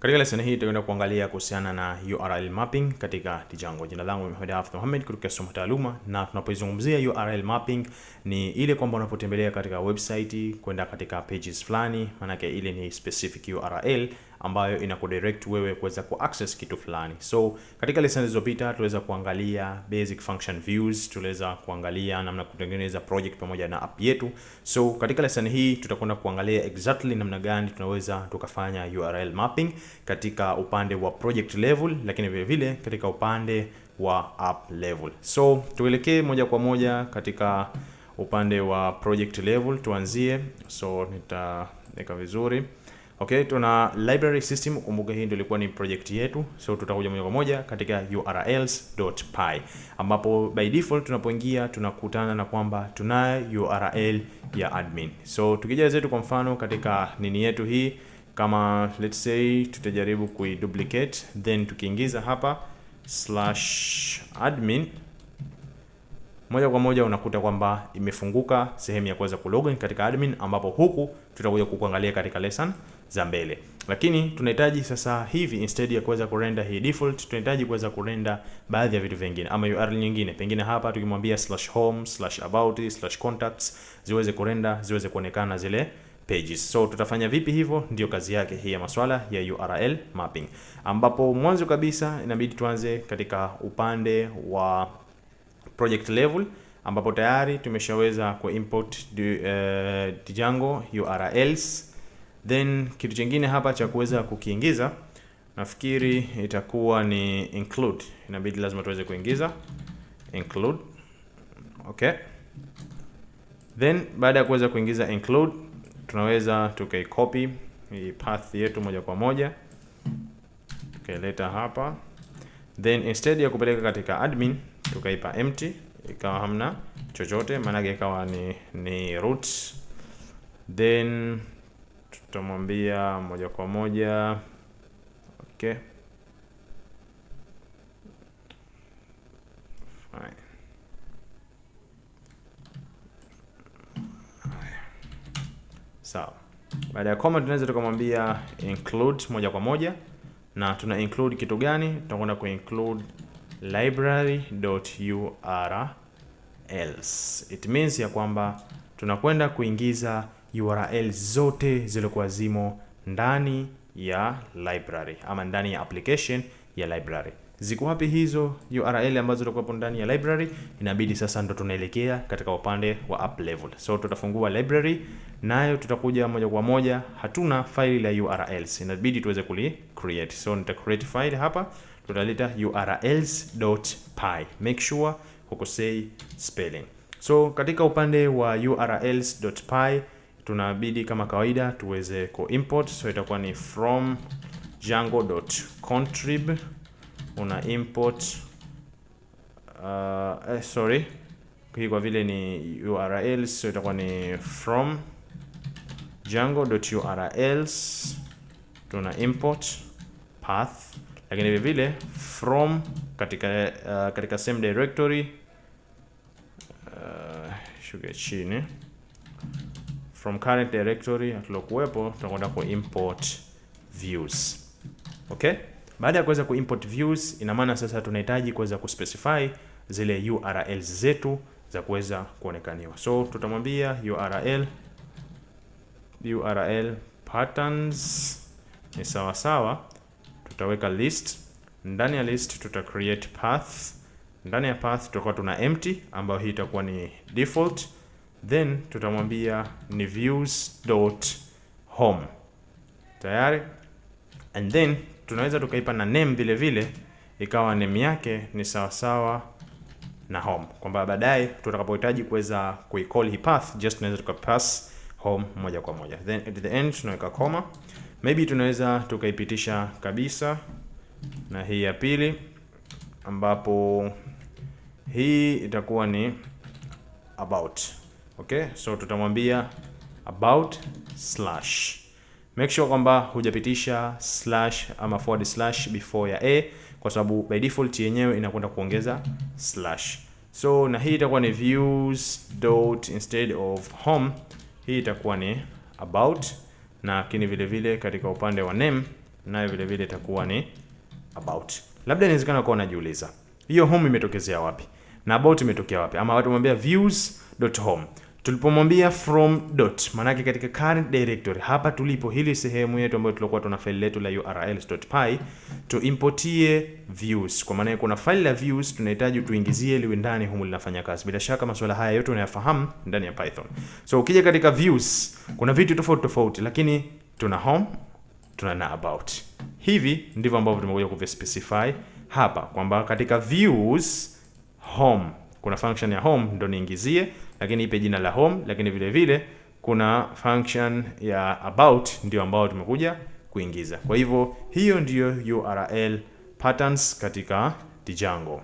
Katika lesson hii tutaenda kuangalia kuhusiana na URL mapping katika Django. Jina langu ni Mohamed Hafidh Mohamed kutoka somo taaluma, na tunapoizungumzia URL mapping ni ile kwamba unapotembelea katika website kwenda katika pages fulani, maanake ile ni specific URL ambayo inakudirect wewe kuweza kuaccess kitu fulani. So katika lesson zilizopita tuweza kuangalia basic function views, tuliweza kuangalia namna kutengeneza project pamoja na app yetu. So katika lesson hii tutakwenda kuangalia exactly namna gani tunaweza tukafanya URL mapping katika upande wa project level, lakini vile vile katika upande wa app level. So tuelekee moja kwa moja katika upande wa project level tuanzie. So nitaweka vizuri Okay, tuna library system. Kumbuka hii ndio ilikuwa ni project yetu, so tutakuja moja kwa moja katika urls.py, ambapo by default tunapoingia tunakutana na kwamba tuna url ya admin. So tukija zetu kwa mfano katika nini yetu hii, kama let's say tutajaribu kuiduplicate, then tukiingiza hapa slash admin moja kwa moja unakuta kwamba imefunguka sehemu ya kuweza kulogin katika admin, ambapo huku tutakuja kukuangalia katika lesson za mbele. Lakini tunahitaji sasa hivi instead ya kuweza kurenda hii default, tunahitaji kuweza kurenda baadhi ya vitu vingine ama URL nyingine. Pengine hapa tukimwambia slash home, slash about, slash contacts ziweze kurenda, ziweze kuonekana zile pages. So tutafanya vipi hivyo? Ndio kazi yake hii ya masuala ya URL mapping. Ambapo mwanzo kabisa inabidi tuanze katika upande wa project level ambapo tayari tumeshaweza kuimport uh, eh, Django URLs Then kitu chingine hapa cha kuweza kukiingiza nafikiri itakuwa ni include, inabidi lazima tuweze kuingiza include. Okay, then baada ya kuweza kuingiza include, tunaweza tukaicopy hii path yetu moja kwa moja tukaileta hapa, then instead ya kupeleka katika admin tukaipa empty, ikawa hamna chochote, maanake ikawa ni, ni root then tutamwambia moja kwa moja okay. sawa so, Baada ya comma tunaweza tukamwambia include moja kwa moja na tuna include kitu gani? Tutakwenda ku include library.urls. It means ya kwamba tunakwenda kuingiza URL zote zilikuwa zimo ndani ya library ama ndani ya application ya library. Ziko wapi hizo URL ambazo zilikuwa hapo ndani ya library? Inabidi sasa ndo tunaelekea katika upande wa up level. So tutafungua library nayo tutakuja moja kwa moja, hatuna faili la URLs, inabidi tuweze kuli create. So nita create file hapa, tutaleta urls.py. Make sure hukosei spelling. So katika upande wa urls.py tunabidi kama kawaida tuweze ku import, so itakuwa ni from django.contrib una import uh, eh, sorry hii kwa vile ni urls, so itakuwa ni from django.urls tuna import path, lakini vile vile from katika uh, katika same directory uh, shuke chini from current directory hatulokuwepo tunakwenda ku import views. Okay? Baada ya kuweza ku import views, ina maana sasa tunahitaji kuweza kuspecify zile URL zetu za kuweza kuonekaniwa. So tutamwambia URL URL patterns ni sawa sawa, tutaweka list ndani ya list tuta create path ndani ya path tutakuwa tuna empty ambayo hii itakuwa ni default then tutamwambia ni views.home tayari, and then tunaweza tukaipa na name vile vile, ikawa name yake ni sawasawa na home, kwamba baadaye tutakapohitaji kuweza kuicall hii path just tunaweza tukapass home moja kwa moja, then at the end tunaweka koma maybe tunaweza tukaipitisha kabisa na hii ya pili, ambapo hii itakuwa ni about Okay, so tutamwambia about slash. Make sure kwamba hujapitisha slash ama forward slash before ya a, kwa sababu by default yenyewe inakwenda kuongeza slash. So na hii itakuwa ni views dot instead of home, hii itakuwa ni about, na lakini vile vile katika upande wa name nayo vile vile itakuwa ni about. Labda inawezekana kwa unajiuliza hiyo home imetokezea wapi na about imetokea wapi, ama watu mwambia views dot home tulipomwambia from dot maanake katika current directory hapa tulipo hili sehemu yetu ambayo tulikuwa tuna file letu la urls.py tuimportie views kwa maana kuna file la views tunahitaji tuingizie liwe ndani humu linafanya kazi bila shaka masuala haya yote unayafahamu ndani ya python so ukija katika views kuna vitu tofauti tofauti lakini tuna home tuna na about hivi ndivyo ambavyo tumekuja kuvispecify hapa kwamba katika views home kuna function ya home ndo niingizie lakini ipe jina la home, lakini vile vile kuna function ya about ndio ambayo tumekuja kuingiza. Kwa hivyo hiyo ndiyo URL patterns katika Django.